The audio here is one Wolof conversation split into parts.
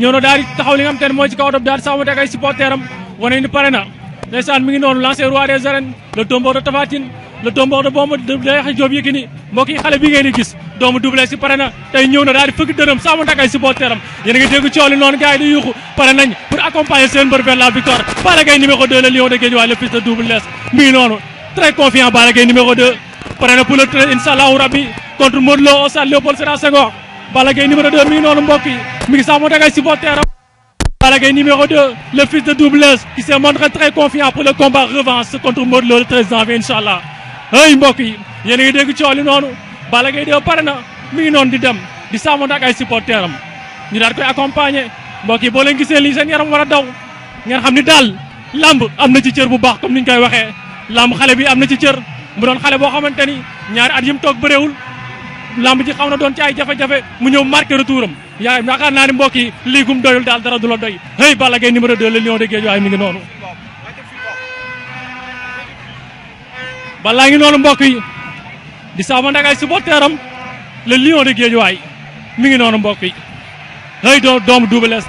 ñëw na daal di taxaw li nga xam te ne mooy ci kaw oto bi daal di ak ay supporteram wane ni pare na ndeysaan mi ngi noonu lancé roi des arènes le tombeau de Tafatine le tombeau de bomb Yakhya Diop Yékini mbokk yi xale bi ngeen di gis doomu doublé si pare na tey ñëw na daal fëgg dërëm sàmmante ak ay supporteram yéen a ngi dégg coow noonu gars di yuuxu pare nañ pour accompagner seen mbër vers la victoire Balla Gaye numéro 2 de Guédiawaye le de Double Balla numéro 2 mi nonu noonu mbokk yi mi ngi sax moo teg ay supporters numéro 2 le fils de Double qui s'est montré très confiant pour le combat revanche contre Modlo le 13 janvier inshallah hey mbokk yi yéen a ngi dégg coow li noonu Balla Gaye 2 mi ngi noonu di dem di sax moo teg ay am ñu daal koy accompagner mbokk yi boo leen gisee li seen yaram wara daw ngeen xamni dal lamb amna ci cër bu baax comme niñ koy waxee lamb xalé bi amna ci cër mu doon xalé bo xamanteni ñaar at yim tok bëreewul. lamb ji xaw na doon ci ay jafe-jafe mu ñëw marqué retouram yaay yaakaar naa ni mbokk yi liigum doyul daal dara du la doy hey Balla Gaye numéro 2 le lion de Guédiawaye mi ngi noonu mbokk yi di saama ndak ay supporteram le lion de Guédiawaye mi ngi noonu mbokk yi hey doo doomu Double Less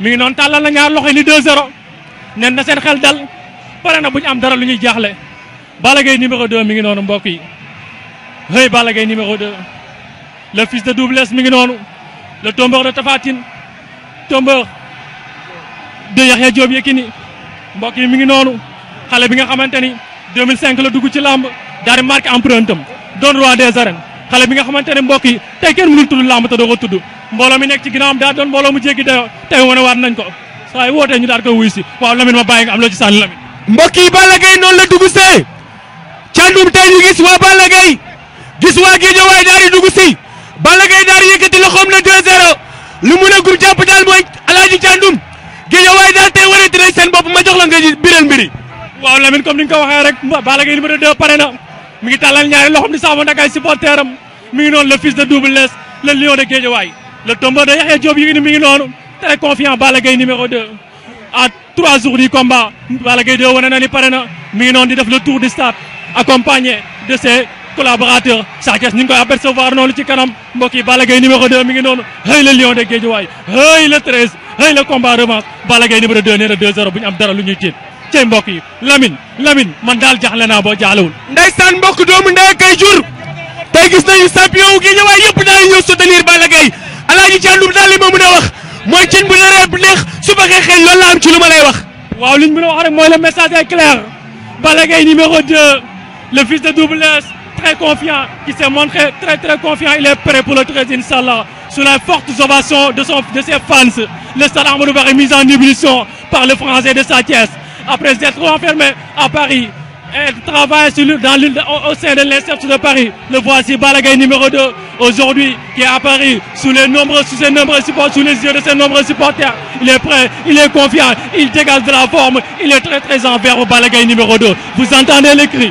ngi noonu tàllal na ñaar loxo yi ni 2-0 nen na seen xel dal pare na bu ñu am dara lu ñuy jaaxle Balla Gaye numéro 2 mi ngi noonu mbokk yi rëy Balla Gaye numéro 2 le fils de Double Less mi ngi noonu le tombeur de Tapha Tine tombeur de Yaxya Diop Yékini mbokk yi mi ngi noonu xale bi nga xamante ni 2005 la dugg ci làmb daal di marqué empreinte doon roi de arènes xale bi nga xamante ne mbokk yi tey kenn mënul tudd làmb te doo ko tudd mbooloo mi nekk ci ginnaawam daal doon mbooloo mu jéggi dayoo tey wane waat nañ ko saa yi wootee ñu daal ko wuy si waaw Lamine ma bàyyi nga am loo ci sànni Lamine. mbokk la dugg see. gis waa Guédiawaye daal di dugg si Balla Gaye yëkkati loxoom na 2 lu mun a gum jàpp mooy Alaaji Candum Guédiawaye daal tey wane seen bopp ma jox la nga ji biral mbiri waaw Lamine comme ni nga ko waxee rek Balla Gaye numéro 2 pare na mi ngi tàllal ñaari loxoom di saafoon ak ay supporteram noonu le fils de Double Less le lion de Guédiawaye le tombeur de Yaxya Diop yi mi ngi noonu très confiant Balla Gaye numéro 2 à trois jours du combat Balla Gaye 2 wane na ni pare na mi ngi noonu di def le tour du stade accompagné collaborateur Sa Thiès ñu ngi koy apercevoir noonu ci kanam mbokk yi Balla Gaye mi ngi noonu xëy la lion de Guédiawaye xëy la 13 xëy la combat revanche Balla Gaye numéro 2 bu ñu dara lu ñuy tiit cey mbokk yi Lamine man daal jaaxle naa boo jaalewul ndeysaan mbokk doomu ndey kay jur tey gis nañu champion wu Guédiawaye yëpp daal ñëw soutenir Balla Gaye daal li ma mën a wax mooy lu ma lay wax waaw liñ mën a wax rek mooy le message est clair Balla très confiant, qui s'est montré très très confiant. Il est prêt pour le 13, Salah. Sous la forte ovation de, son, de ses fans, le va Amadou est mis en ébullition par le Français de sa pièce. Après être enfermé à Paris, elle travaille dans au, sein de l'Institut de Paris. Le voici Balagay numéro 2, aujourd'hui, qui est à Paris, sous les nombreux, sous nombreux sous les yeux de ses nombreux supporters. Il est prêt, il est confiant, il dégage de la forme, il est très très envers au Balagay numéro 2. Vous entendez les cris